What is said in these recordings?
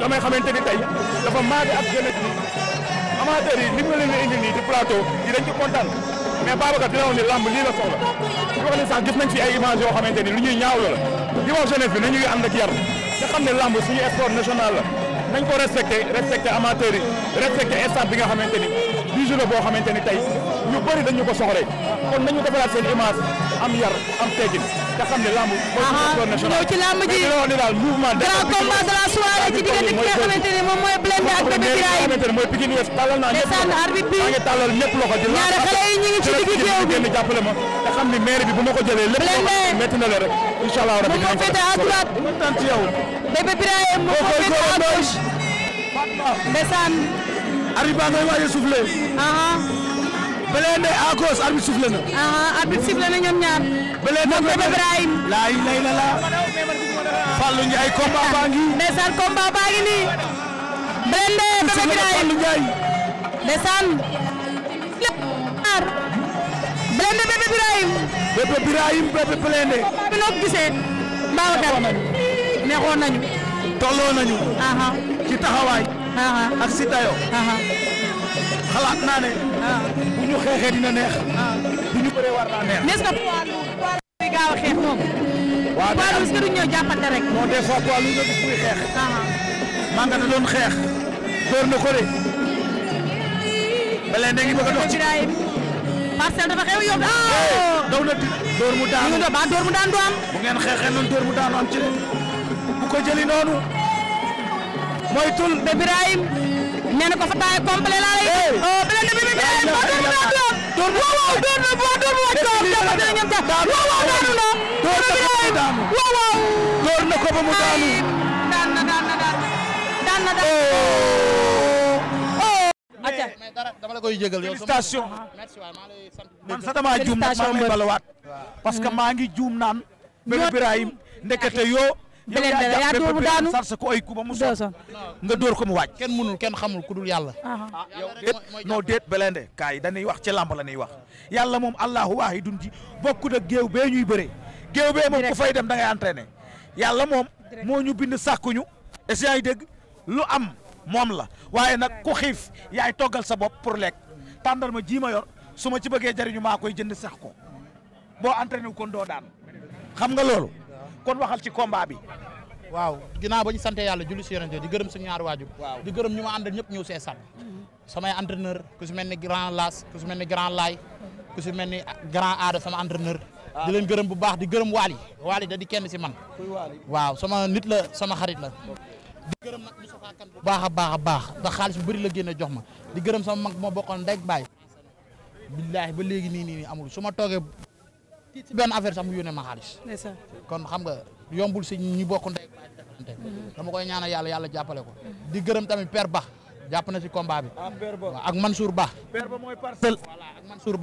damay xamante ni tey dafa maade ak jeunesse bi amateur yi li nga leen indi nii di plateau di dañ ci kontaan mais Babacar dina woon ni làmb lii la soxla di wax ni sax gis nañ fi ay image yoo xamante ni lu ñuy ñaawlo la di wax jeunesse bi nañuy ànd ak yar te xam ne làmb suñu sport national la nañ ko respecté respecté amateur bi nga xamante ni bijou la boo xamante ni tey ñu bëri dañu ko soxla kon nañu defaraat seen image am yar am teggin te xam ne lamb. ñëw ci lamb ji mais daal mouvement. grand combat de la soirée ci diggante ki nga xamante ne moom mooy Blindé ak Bébé Birahim. mooy Pikine Ouest tàllal naa ñëpp loxo arbitre bi maa ngi tàllal ñëpp loxo di ñaari xale yi ñu ngi ci digg géew bi génn jàppale ma te xam ne maire bi bu ma ko jëlee lépp loo métti na la rek incha allah rabbi moom moo féete à droite kontaan ci yow Bébé Birahim moom moo féete à gauche ndeysaan arbitre baa ngay waaye soufflé. Blindé à gauche arbitre soufflé na. arbitre soufflé na ñoom ñaar. Blindé ak Ibrahim. laa ilaaha illallaah. Fallou Ndiaye combat baa ngi. ndeysaan combat baa ngi nii. Blindé bébé Ibrahim. ndeysaan. Blindé bébé Ibrahim. bébé Ibrahim bébé Blindé. bi noo ko gisee. Babacar neexoon nañu. tolloo nañu. ci taxawaay. Uh-huh. ak si dayo uh-huh. xalaat naa ne uh-huh. bu ñu xeexee dina neex bu ñu bëree war neex mais est-ce que poids gaaw a xeex moom waaw poids lu est-ce que duñ ñëw jàppante rek non des fois poids lu xeex maa nga da xeex door na ko de ba i da ngi bëgg dox ci parcelle dafa oh! daw na door mu door mu daan du bu ngeen xeexee noonu door mu daanu am ci de bu ko jëli noonu mooy tul be Birahim nee na ko fa taay complet laa lay. oh beneen bi bi Birahim moo doon naa doon. doon na waaw waaw doon na bu waaw doon na waaw doon na waaw doon na waaw waaw doon na. doon na ko ba mu daanu. waaw waaw. doon na ko ba mu daanu. daan na daan na daan daan na daan. acca mais dara dama la koy jégal yow. félicitation man sa damaa juum nag maa ngi balawaat. parce que maa ngi juum naan. be Birahim ndekete yoo. beneen beneen yaa dóor mu daanu sarse ko ay ku ba mu so nga dóor ko mu waaj kenn mënul kenn xamul ku dul yàlla ah, ah. Ah, yow déet non déet belende kaay dañuy wax ci làmb la ñuy wax yàlla moom allahu dun ji bokkut ak géew bee ñuy bëree géew bee moom ku fay dem da ngay yàlla moom moo ñu bind sàkkuñu est-ce que yaa ngi lu am moom la waaye nag ku xiif yaay toggal sa bopp pour lekk tàndarma ji ma yor su ma ci bëggee jariñu maa koy jënd sax ko boo entraîné wu kon doo daan xam nga loolu kon waxal ci combat bi. waaw ginnaaw ba ñu sant yàlla julli si yonente di gërëm suñu ñaari waajur. di gërëm ñu ma àndal ñëpp ñëw see sànni. samay entraîneur ku si mel ni grand Las ku si mel ni grand Laay ku si mel ni grand Aada sama entraîneur. Ah. di leen gërëm bu baax di gërëm Waly Waly da di kenn si man. waaw sama nit la sama xarit la. di gërëm baax a baax a baax ndax xaalis bu bëri la génne jox ma di gërëm sama mag moo ma bokkoon ndeg baay billaahi ba léegi nii nii amul su ma si benn affaire sax mu yónnee ma xaalis. kon xam nga yombul si ñu bokk ndey dama koy ñaanal yàlla yàlla jàppale ko. di gërëm tamit per Ba jàpp na si combat bi. Ah, ak Mansour Ba. père Ba mooy parcelle.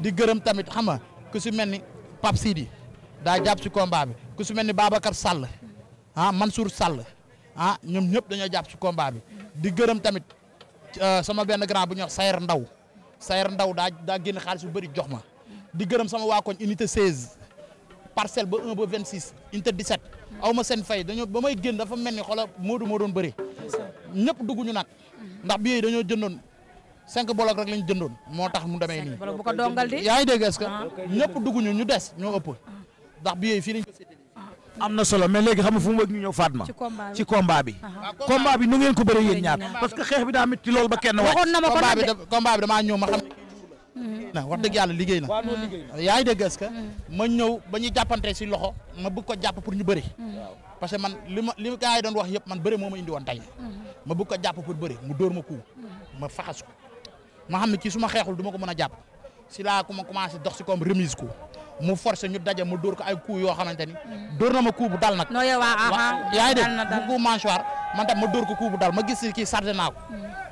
di gërëm tamit xam nga ku si mel ni Pape Sidi daa jàpp si komba bi ku si mel ni Babacar Sall ah Mansour Sall ah ñoom ñëpp dañoo jàpp si komba bi. di gërëm tamit euh, sama benn grand bu ñuy wax Ndaw Sayer Ndaw daa daa génn xaalis bu bëri jox ma. di gërëm sama waa koñ unité 16 parcelle ba 1 ba 26 unité 17 aw ma seen fay dañoo ba may génn dafa mel ni xoolal Moodu moo doon bëri. ñëpp duggu ñu nag. ndax bi yooyu dañoo jëndoon cinq bolok rek lañ jëndoon moo tax mu demee nii. bu yaa ngi dégg est-ce que ah. ñu ñu des ñoo ëpp ndax bi yooyu fii lañ ah. am na solo mais léegi xam fu mu bëgg ñu ñëw Fatma ci combat bi ah. combat bi nu ngeen ko bëree yéen ñaar parce que xeex bi daa métti lool ba kenn wàcc combat Mm-hmm. na wax dëgg yàlla liggéey na yaa ngi dégg est mm-hmm. ma ñëw ba ñuy jàppante si loxo ma bëgg ko jàpp pour ñu bëri mm-hmm. parce que man li ma li gars yi doon wax yëpp man bëri moo ma indi woon tey ma bëgg ko jàpp pour bëri mu dóor ma kuu ma faxas ko ma xam ne ci su ma xeexul du ko mën a jàpp si laa ku ma commencé dox si comme remise ko mu forcé ñu daje mu dóor ko ay coup yoo xamante ni dóor na ma coup bu dal nag ah, ah, yaa ngi dégg bu manchoir man tam ma dóor ko coup bu dal ma gis si kii sarde naa ko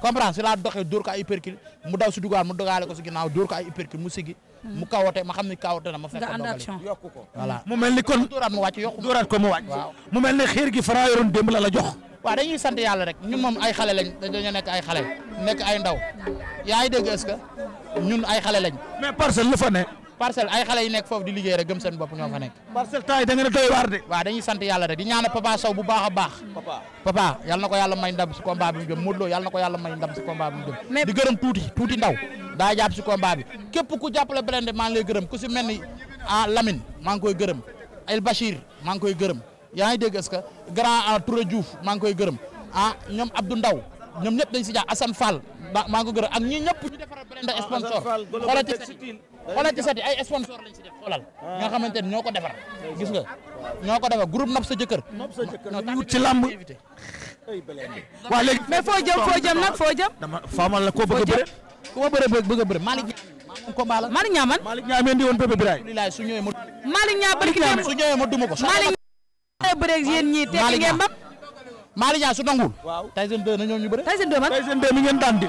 comprendre si laa doxee dóor ko ay uppercut mu daw si dugaan mu dogaale ko si ginnaaw dóor ko ay uppercut mu sigi mu kawote ma xam ni kawote na ma fekk dogali yokku ko voilà mu mel ni kon dóoraat mu wàcc yokku mu mel ni xiir gi Franc yoroon la la jox waaw dañuy sant yàlla rek ñun moom ay xale lañ dañoo nekk ay xale nekk ay ndaw yaa ngi dégg est-ce ñun ay xale lañ parcelle ay xale yi nekk foofu di liggéey rek gëm seen bopp ñoo fa nekk. parcelle da ngeen a doy waar de. waaw dañuy sant yàlla rek di ñaanal papa Sow bu baax a baax. papa papa yal na ko yàlla may ndam si combat mu jëm Modou Lo ko yàlla may ndam si combat mu jëm. di gërëm tuuti ndaw daa si combat képp ku jàppale Blindé maa ngi gërëm ku si mel ni ah maa ngi gërëm El Bachir maa ngi gërëm yaa ngi dégg est ce maa ngi gërëm ah ñoom Abdou Ndaw ñoom ñëpp dañ si jaax Assane Fall maa xoolal ci sati ay sponsor lañ si def xoolal nga ñoo ko defar gis nga ñoo ko defar groupe nopp sa jëkkër nopp sa jëkkër ñu wut ci làmb waaw léegi mais foo jëm foo nag foo faamal la ko bëgg a bëre ku ma bëre bëgg a bëre Malick Niang ko mala Malick Niang man ma Malick Niang su duma ko Malick Niang bëre ak yéen ñii te ngeen mbam Malick Niang su nangul Tyson 2 na ñoom ñu bëre Tyson 2 man Tyson 2 mi ngeen daan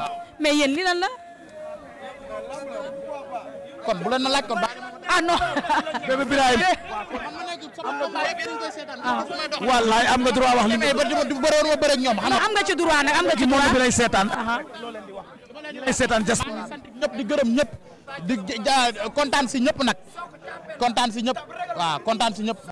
kon bu leen ma laaj kon baax ah non. bébé Birahim. wallaay am nga droit wax li mais ba du bëroon ma bëre ak ñoom. xam nga am nga ci droit nag am nga ci droit bi lay seetaan. ñu lay seetaan jas ñëpp di gërëm ñëpp di kontaan si ñëpp nag kontaan si ñëpp waa kontaan si ñëpp.